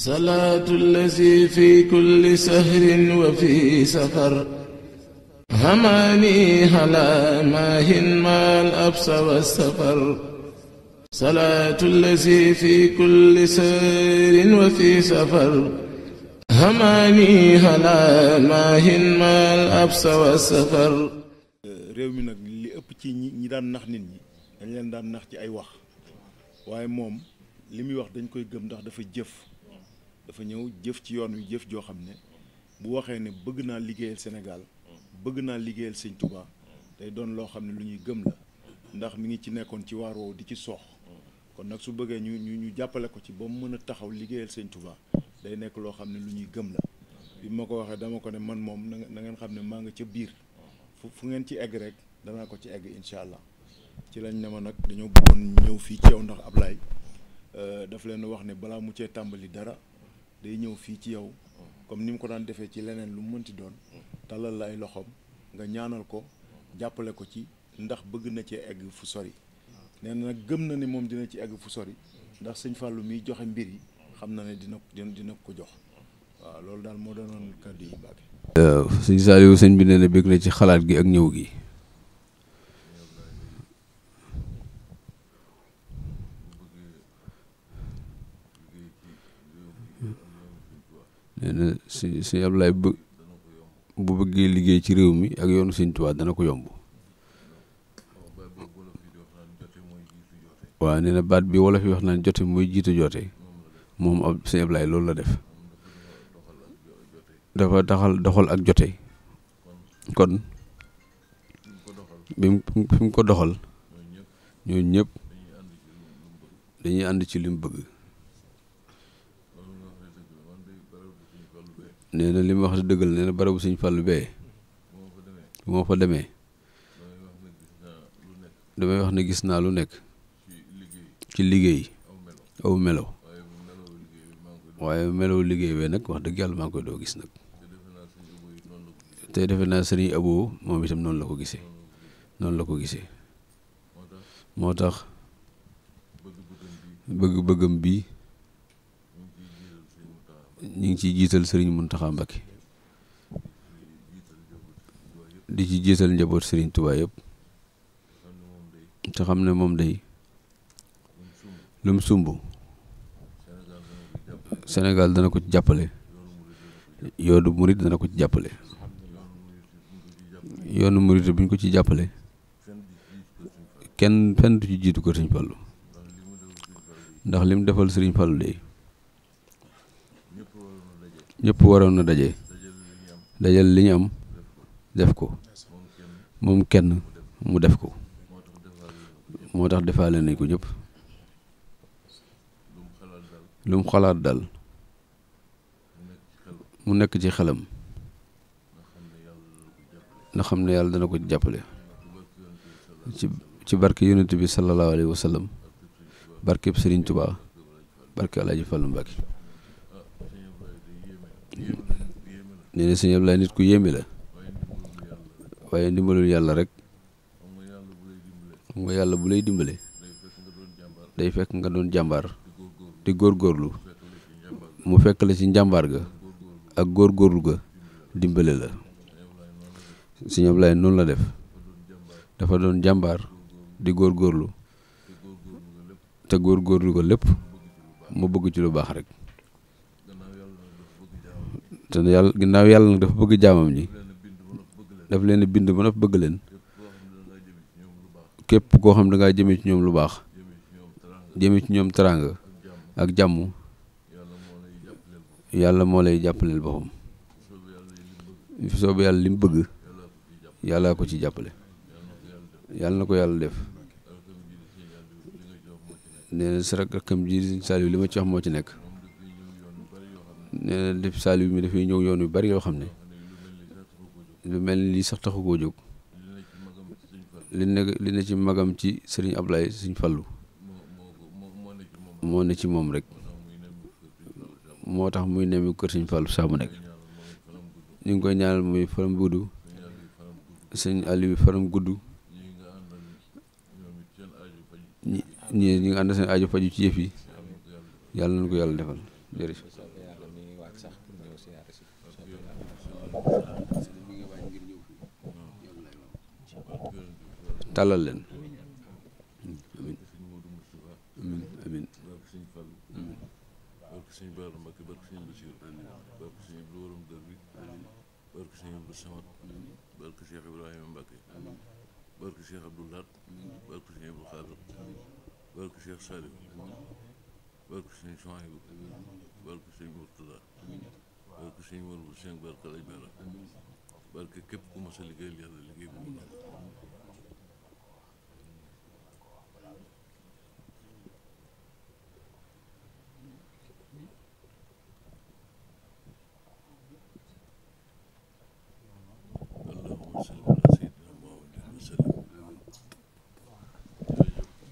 salaatu allazi fi kulli sahrin wa fi safar hamaani halaa maahin maal absa wa safar wa fi safar réew mi nag li ëpp ci ñi daan nax nit ñi dañ leen daan nax ci ay wax waaye moom li muy wax dañ koy gëm ndax dafa jëf dafa ñëw jëf ci yoon wi jëf joo xam ne bu waxee ne bëgg naa liggéeyal Sénégal bëgg naa liggéeyal sëñ Touba day doon loo xam ne lu ñuy gëm la ndax mi ngi ci nekkoon ci waar di ci soox kon nag su bëggee ñu ñu ñu jàppale ko ci ba mu mën a taxaw liggéeyal sëñ Touba nekk loo xam ne lu ñuy gëm la bi ma ko waxee dama ko ne man moom na ngeen xam ne maa nga ca biir fu fu ngeen ci egg rek danaa ko ci egg incha allah ci lañ ne ma nag dañoo bëggoon ñëw fii ceew ndax Ablaye euh, daf leen wax ne balaa mu cee tàmbali dara. day ñëw fii ci yow comme ni mu ko daan defee ci leneen lu mu mënti doon talal la ay loxoom nga ñaanal ko jàppale ko ci ndax bëgg na ci egg fu sori nee nag gëm na ni moom dina ci egg fu sori ndax sëñ Fallou muy joxe mbir yi xam na ne dina dina ko jox waaw loolu daal moo doonoon kàddu yi Mbacke. Euh, sëñ Saliou sëñ bi nee na bëgg na ci xalaat gi ak ñëw gi. nee na si si Abdoulaye bu bu bëggee liggéey ci réew mi ak yoonu Sëñ Tuubaa dana ko yomb waaw nee baat bi wolof yi wax naan jote mooy jiitu joote moom ab Sëñ Abdoulaye loolu la def dafa doxal ak jote kon bi mu ko doxal ñooñu ñëpp dañuy ànd ci li mu bëgg neena li ma wax dëggal nee na barabu suñu fàllu bee bu ma fa demee damay wax ne gis naa lu nekk ci liggéey aw melo waaye melow liggéey bee nag wax dëgg yàlla maa ngi koy doo gis nag te defe naa sëriñ abo moom itam noonu la ko gisee noonu la ko gisee moo tax bëgg-bëggam bii ñu ngi ciy jiital sëriñ mun taxambaki di ci jiital njaboot sëriñ Tuubaa yëpp te xam ne moom day lum sumb senegal dana ko ci jàppale yoonu murit dana ko ci jàppale yoonu murit buñ ko ci jàppale kenn fenn du ci jiitu ko sëriñ Fallu ndax lim defal sëriñ Fallu de ñëpp waroon na daje dajal li am def ko moom kenn mu def ko moo tax defaale nañ ko ñëpp lu xalaat daal mu nekk ci xelam na xam ne yàlla dana ko jàppale ci ci barke yonent bi sallallahu alayhi wa sallam barke nee na sëñ nit ku yéeme la waaye ndimbalul yàlla rek xam nga yàlla bu lay dimbale day fekk nga doon jàmbaar di góor góorlu mu fekk la ci njàmbaar ga ak góorgóorlu ga dimbale la sëñ Ablaye noonu la def dafa doon jàmbaar di góorgóorlu te góorgóorlu ko lépp mu bëgg ci lu baax rek te yàlla ginnaaw yàlla nag dafa bëgg jaamam ñi daf leen bind ba noppi bëgg leen képp koo xam da ngaa jëmee ci ñoom lu baax jëmee ci ñoom teraanga ak jàmm yàlla moo lay jàppaleel boppam fi soobu yàlla li bëgg yàlla ko ci jàppale yàlla na ko yàlla def nee sa rakkam ji Saliou li ma ci wax moo ci nekk nee na depuis Saliou mi dafay ñëw yoon yu bari yoo xam ne lu mel ni lii sax taxu koo jóg li ne li ne ci magam ci sëriñ Ablaye suñ Fallu moo ne ci moom rek moo tax muy nemi kër sëriñ Fallu saa mu nekk ñu ngi koy ñaanal muy faram gudd sëriñ Aliou faram gudd ñi ñi nga ànd seen aajo faju ci yëf yi yàlla nañu ko yàlla defal tàllal leen amin amin amin barke Cheikh Abdou Samad barke Cheikh Ibrahima Mbacke barke Cheikh Abdou Lat barke Cheikh Abdou Khadir barke Cheikh Saliou barke Cheikh barke Cheikh barke Cheikh Mourou Seng barke Lay Bera barke képp ku mas a liggéeyal yàlla liggéey bu mu nangu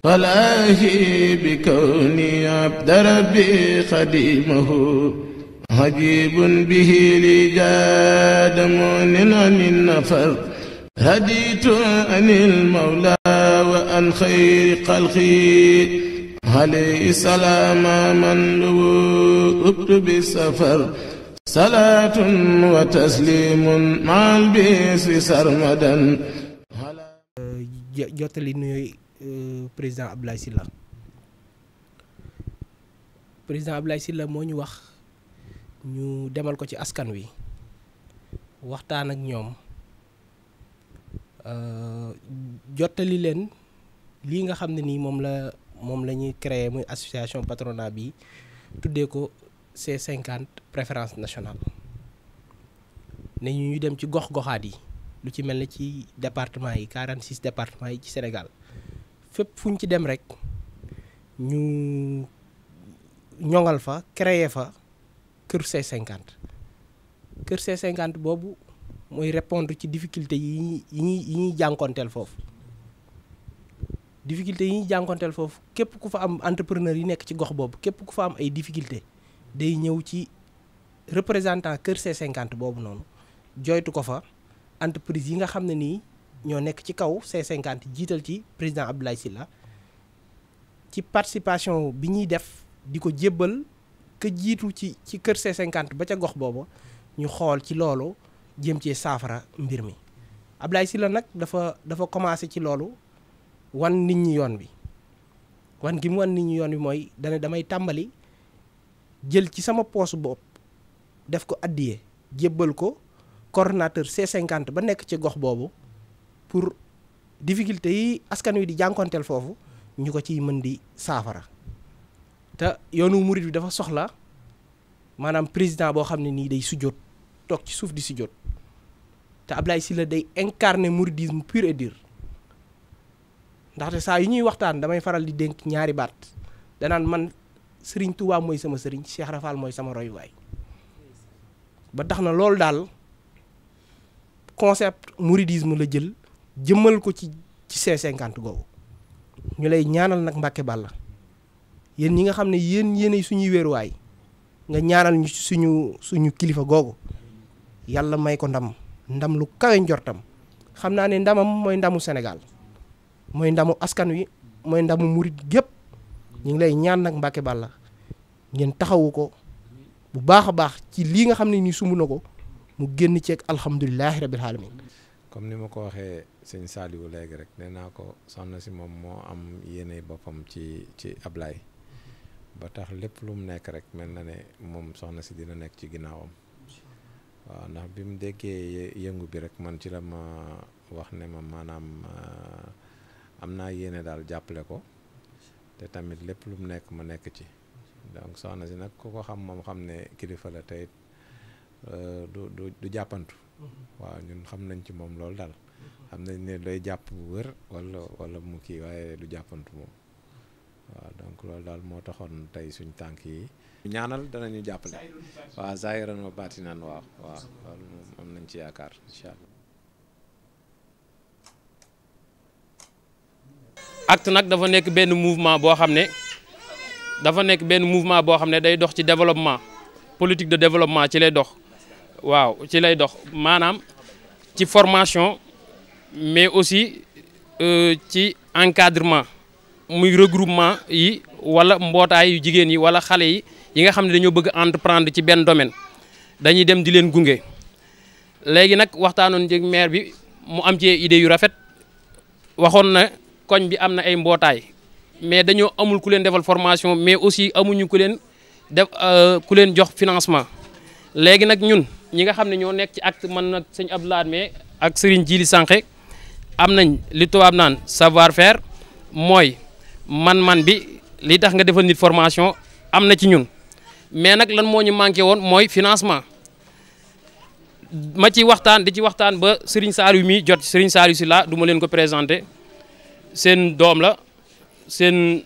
فلاهي بكوني عبد ربي خديمه عجيب به لي جاد مؤن عن النفر هديت عن المولى وعن خير خلقي عليه السلام من لوؤت بالسفر صلاة وتسليم مع البيس سرمدا jottali nuyu président Abdoulaye Sylla président Abdoulaye Sylla moo ñu wax ñu demal ko ci askan wi waxtaan ak ñoom euh, jottali leen lii nga xam ne nii moom la moom la ñuy créer muy association patronat bi tuddee ko C50 préférence nationale ne ñu ñu dem ci gox goxaat yi lu ci mel ne ci département yi 46 département yi ci Sénégal fépp fu ñu ci dem rek ñu ñoŋal fa créer fa kër C50 kër C50 boobu mooy répondre ci difficulté yi yi ñuy ñuy jànkonteel foofu difficulté yi ñuy jànkonteel foofu képp ku fa am entrepreneur yi nekk ci gox boobu képp ku fa am ay difficulté day ñëw ci représentant kër cinquante boobu noonu joytu ko fa entreprise yi nga xam ne nii ñoo nekk ci kaw C50 jiital ci président Abdoulaye Sylla ci participation bi ñuy def di ko jébbal ka jiitu ci ci kër C50 ba ca gox boobu ñu xool ci loolu jéem ci saafara mbir mi Abdoulaye Sylla nag dafa dafa commencé ci loolu wan nit ñi yoon bi wan gi mu wan nit ñi yoon bi mooy dane damay tàmbali jël ci sama poos bopp def ko addiyee jébbal ko coordonnateur c cinquante ba nekk ci gox boobu pour difficulté yi askan wi di jànkonteel foofu ñu ko ciy mën di saafara te yoonu murit bi dafa soxla maanaam président boo xam ne nii day sujjóot toog ci suuf di sujjóot te Ablaye Sylla day incarner mouridisme pur et dur ndaxte saa yu ñuy waxtaan damay faral di dénk ñaari baat danaan man sëriñ Touba mooy sama sëriñ Cheikh Rafal mooy sama royuwaay ba tax na loolu daal concept mouridisme la jël jëmmal ko ci ci C50 googu ñu lay ñaanal nag Mbàkke Bàlla yéen ñi nga xam ne yéen yéenay suñuy wéeruwaay nga ñaanal ñu suñu suñu kilifa googu yàlla may ko ndam ndam lu kawe njortam xam naa ne ndamam mooy ndamu Sénégal mooy ndamu askan wi mooy ndamu murit gépp ñu ngi lay ñaan nag Mbàkke Bàlla ngeen taxawu ko bu baax a baax ci lii nga xam ne nii sumb na ko mu génn ceeg alhamdulilahi rabil alamin comme ni ma ko waxee sëñ saaliwu léegi rek nee naa ko soxna si moom moo am yéene boppam ci ci ablaay ba tax lépp lu mu nekk rek mel na ne moom soxna si dina nekk ci ginnaawam waaw ndax bi mu déggee yëngu bi rek man ci la ma wax ne ma maanaam euh, am naa yéene daal jàppale ko te tamit lépp lu mu nekk ma nekk ci donc soxna si nag ku ko xam moom xam ne kilifa la tey euh, du du du jàppantu mm-hmm. waaw ñun xam nañ ci moom loolu daal xam nañ ne lay jàpp wër wala wala mu kii waaye du jàppantu moom waaw donc loolu daal moo taxoon tey suñ tànk yi ñaanal danañu jàppale waaw zahiran wa baatinan waaw waaw am nañ ci yaakaar incha allah nag dafa nekk benn mouvement boo xam ne dafa nekk benn mouvement boo xam ne day dox ci développement politique de développement ci lay dox waaw ci lay dox maanaam ci formation mais aussi euh, ci encadrement muy regroupement yi wala mbootaay yu jigéen yi wala xale yi yi nga xam ne dañoo bëgg entreprendre ci benn domaine dañuy dem di leen gunge léegi nag waxtaanoon ci maire bi mu am ci idée yu rafet waxoon na koñ bi am na ay mbootaay mais dañoo amul ku leen defal formation mais aussi amuñu ku leen def euh, ku leen jox financement léegi nag ñun ñi nga xam ne ñoo nekk ci acte man nag sëñ Abdoulaye mais ak Serigne Djili Sankhé am nañ li tubaab naan savoir faire mooy man-man bi li tax nga defal nit formation am na ci ñun mais nag lan moo ñu manqué woon mooy financement ma ci waxtaan di ci waxtaan ba Serigne Saliou mi jot Serigne Saliou si la duma ma leen ko présenté seen doom la seen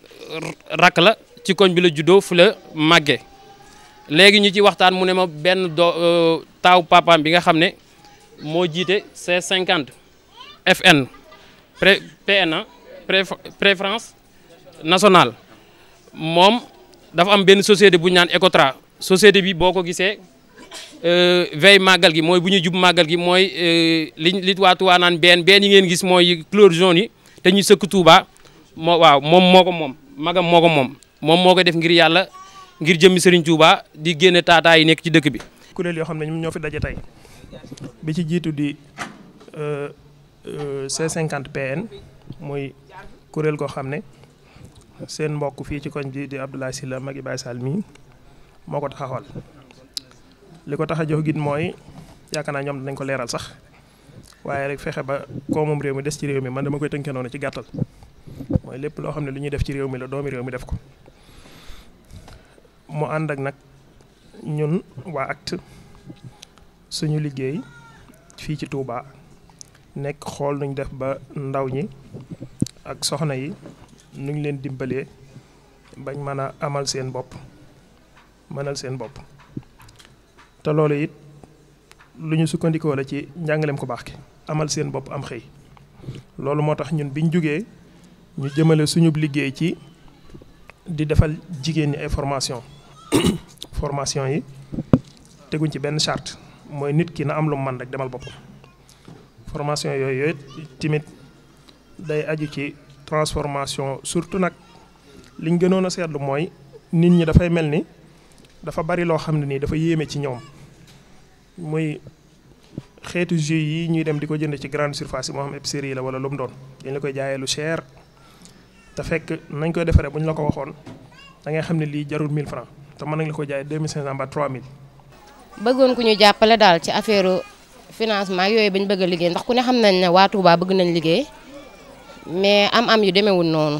rakk la ci koñ bi la juddoo fu la màggee léegi ñu ci waxtaan mu ne ma benn doo euh, taaw papaam bi nga xam ne moo jiite c cinquante FN pré PNA ah. préférence nationale moom dafa am benn société bu ñu naan Ecotra société bi boo ko gisee euh, veille màggal gi mooy bu ñuy jub màggal gi mooy euh, li li waa naan benn benn yi ngeen gis mooy couleur jaune yi te ñuy sëkk Touba moo waaw moom moo ko moom magam moo ko moom moom moo koy def ngir yàlla ngir jëmmi Serigne Touba di génne taataa yi nekk ci dëkk bi. kuréel yoo xam ne ñoom ñoo fi daje tey bi ci jiitu di. Euh, Euh, c cinquante pn muy kuréel goo xam ne seen mbokk fii ci koñ bi di Abdoulaye Sylla magi Baye Sall mii moo ko taxawal li ko tax a jox git mooy yaakaar naa ñoom dinañ ko leeral sax waaye rek fexe ba moom réew mi des ci réew mi man dama koy tënkee noonu ci gàttal mooy lépp loo xam ne lu ñuy def ci réew mi la doomi réew mi def ko mu ànd ak nag ñun waa ACT suñu liggéey fii ci Touba. nekk xool nu ñu def ba ndaw ñi ak soxna yi nuñ leen dimbalee bañ mën a amal seen bopp mënal seen bopp te loolu it lu ñu sukkandikoo la ci njàngaleem ko baax ki amal seen bopp am xëy loolu moo tax ñun bi ñu jógee ñu jëmale suñu liggéey ci di defal jigéen ñi ay formation formation yi teguñ ci benn charte mooy nit ki na am lu mu man rek demal boppam formation yooyu yooyu timit day aju ci transformation surtout nag liñ gënoon a seetlu mooy nit ñi dafay mel ni dafa bari loo xam ne nii dafa yéeme ci ñoom muy xeetu jus yi ñuy dem di ko jënd ci grande surface yi moo xam épicerie la wala lu doon dañ la koy jaayee lu cher te fekk nañ koy defaree bu la ko waxoon da ngay xam ne lii jarul mille francs te mën nañ la ko jaayee 2500 ba 3000. bëggoon ku ñu jàppale daal ci affaire financement yooyu bañ bëgg a liggéey ndax ku ne xam nañ ne waa Touba bëgg nañ liggéey mais am-am yu demewul noonu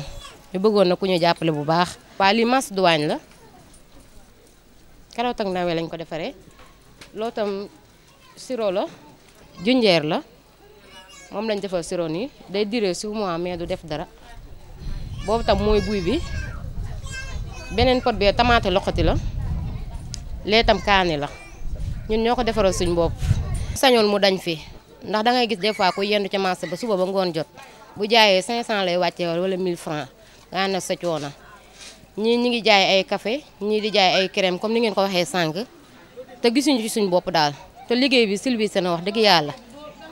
ñu bëggoon na ku ñu jàppale bu baax. waa lii masse douane la carotte ak navet lañ ko defaree loo tam sirop la junjeer la moom lañ defal sirop nii day dire si mois mais du def dara boobu tam mooy buy bi beneen pot bee tamaate loxoti la lee tam kaani la ñun ñoo ko defaral suñ bopp. sañoon mu dañ fi ndax dangay gis des fois ku yenn ca marché ba suba ba ngoon jot bu jaayee 500 lay wàccee wala 1000 francs nga na sa coono ñii ñi ngi jaay ay kafe ñii di jaay ay crème comme ni ngeen ko waxee sànq te gisuñu ci suñ bopp daal te liggéey bi silvissé na wax dëgg yàlla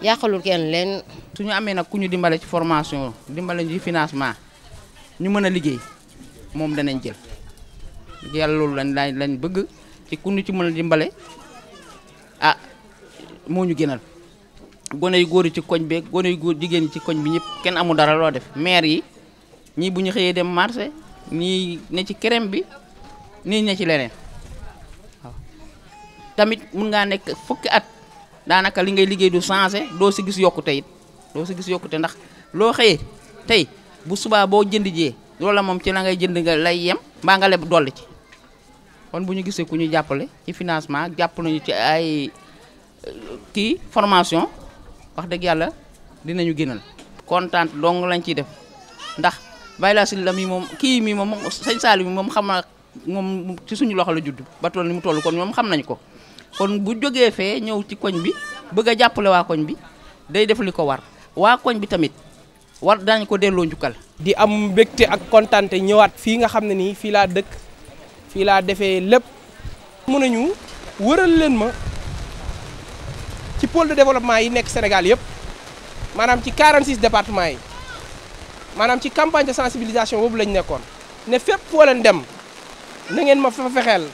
yàqalul kenn leen. suñu amee nag ku ñu dimbale ci formation dimbale ci financement ñu mën a liggéey moom danañ jël yàlla loolu lañ lañ bëgg ci ku ñu ci mën a dimbale ah. moo ñu gënal gone yu góor yi ci koñ beeg gone yu góor jigéen ci koñ bi ñëpp kenn amul dara loo def maire yi ñii bu ñu xëyee dem marché ñii ne ci crème bi nii ne ci leneen tamit mun ngaa nekk fukki at daanaka li ngay liggéey du changé doo si gis yokkute it doo si gis yokkute ndax loo xëyee tey bu subaa boo jënd jee loola moom ci la ngay jënd nga lay yem mbaa nga leb dolli ci kon bu ñu gisee ku ñu jàppale ci financement jàpp nañu ci ay kii formation wax dëgg yàlla dinañu gënal kontaan dong lañ ciy def ndax bàyyi laa la mi moom kii mi moom sëñ Saliou mi moom xam naa ci suñu loxo la judd ba toll toll kon moom xam nañ ko kon bu jógee fee ñëw ci koñ bi bëgg a jàppale waa koñ bi day def li ko war waa koñ bi tamit war dañ ko delloo njukkal. di am mbégte ak kontaante ñëwaat fii nga xam ne nii fii laa dëkk fii laa defee lépp. mun nañu wëral leen ma. ci pôle de développement yi nekk Sénégal yëpp maanaam ci 46 départements yi maanaam ci campagne de sensibilisation boobu lañu nekkoon ne fépp foo leen dem na ngeen ma fa fexeel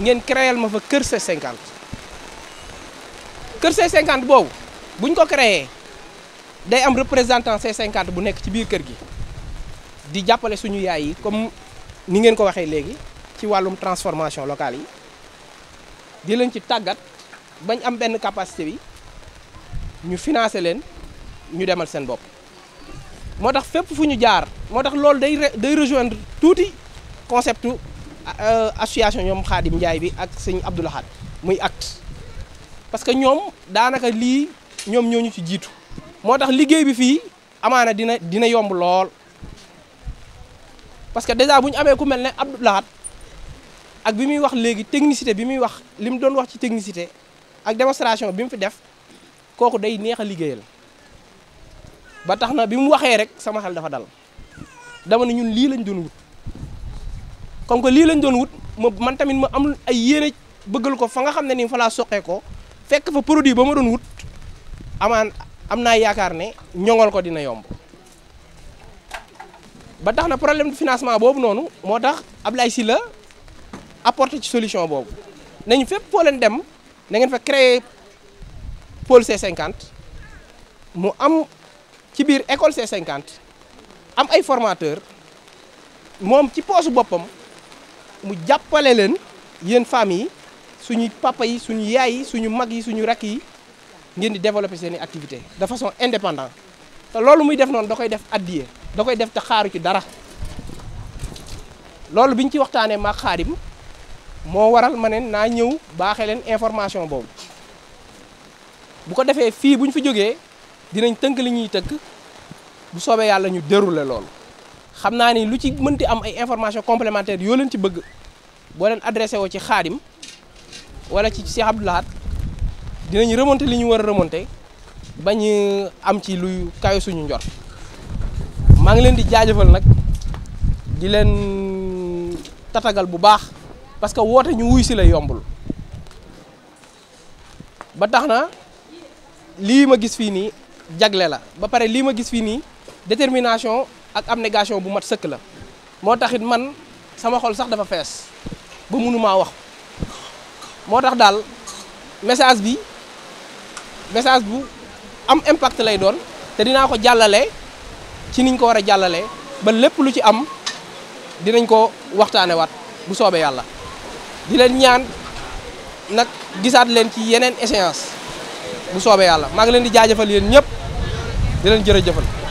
ngeen créel ma fa Kër se 50 Kër C50 boobu buñ ko créé day am représentant C50 bu nekk ci biir kër gi di jàppale suñu yaay yi comme ni ngeen ko waxee léegi ci wàllum transformation locale yi di leen ci tàggat. bañ am benn capacité bi ñu financer leen ñu demal seen bopp moo tax fépp fu ñu jaar moo tax loolu day day rejoindre tuuti concept euh, association ñoom Xaadim Njaay bi ak sëñ Abdou Lahad muy acte parce que ñoom daanaka lii ñoom ñoo ñu ci jiitu moo tax liggéey bi fii amaana dina dina yomb lool parce que déjà bu ñu amee ku mel ne Abdou Lahad ak bi muy wax léegi technicité bi muy wax li mu doon wax ci technicité ak démonstration bi mu fi def kooku day neex a liggéeyal ba tax na bi mu waxee rek sama xel dafa dal dama ne ñun lii lañ doon wut comme que lii lañ doon wut ma man tamit ma am ay yéene bëggal ko fa nga xam ne nii fa laa soqee ko fekk fa produit ba ma doon wut amaan am naa yaakaar ne ñoŋol ko dina yomb ba tax na problème de financement boobu noonu moo tax si la apporté ci solution boobu nañu fépp foo leen dem. na ngeen fa créer pôle C50 mu am ci biir école c cinquante am ay formateurs moom ci poosu boppam mu jàppale leen yéen femmes yi suñuy papa yi suñu yaay yi suñu mag yi suñu rakk yi ngeen di développer seeni activité de façon indépendante te loolu muy def noonu da koy def addiye da koy def te xaaru ci dara loolu bi ñu ci waxtaanee maa xaarim moo waral ma ne naa ñëw baaxee leen information boobu bu ko defee fii bu ñu fi jógee dinañ tënk li ñuy tënk bu soobee yàlla ñu déroulé lool xam naa ni lu ci mënti am ay information complémentaire yoo leen ci bëgg boo leen adressé woo ci xaadim wala ci Cheikh Abdou Lahad dinañ remonté li ñu war a remonté bañ am ci luy kayo suñu njor maa ngi leen di jaajëfal nag di leen tatagal bu baax parce que woote ñu wuy si lay yombul ba tax na lii ma gis fii nii jagle la ba pare lii ma gis fii nii détermination ak abnégation bu mat sëkk la moo taxit man sama xol sax dafa fees ba mënumaa wax moo tax daal message bi message bu am impact lay doon te dinaa ko jàllale ci niñ ko war a jàllale ba lépp lu ci am dinañ ko waxtaanewaat bu soobee yàlla di leen ñaan nag gisaat leen ci yeneen échéance bu soobee yàlla maa ngi leen di jaajëfal yeen ñëpp di leen jërëjëfal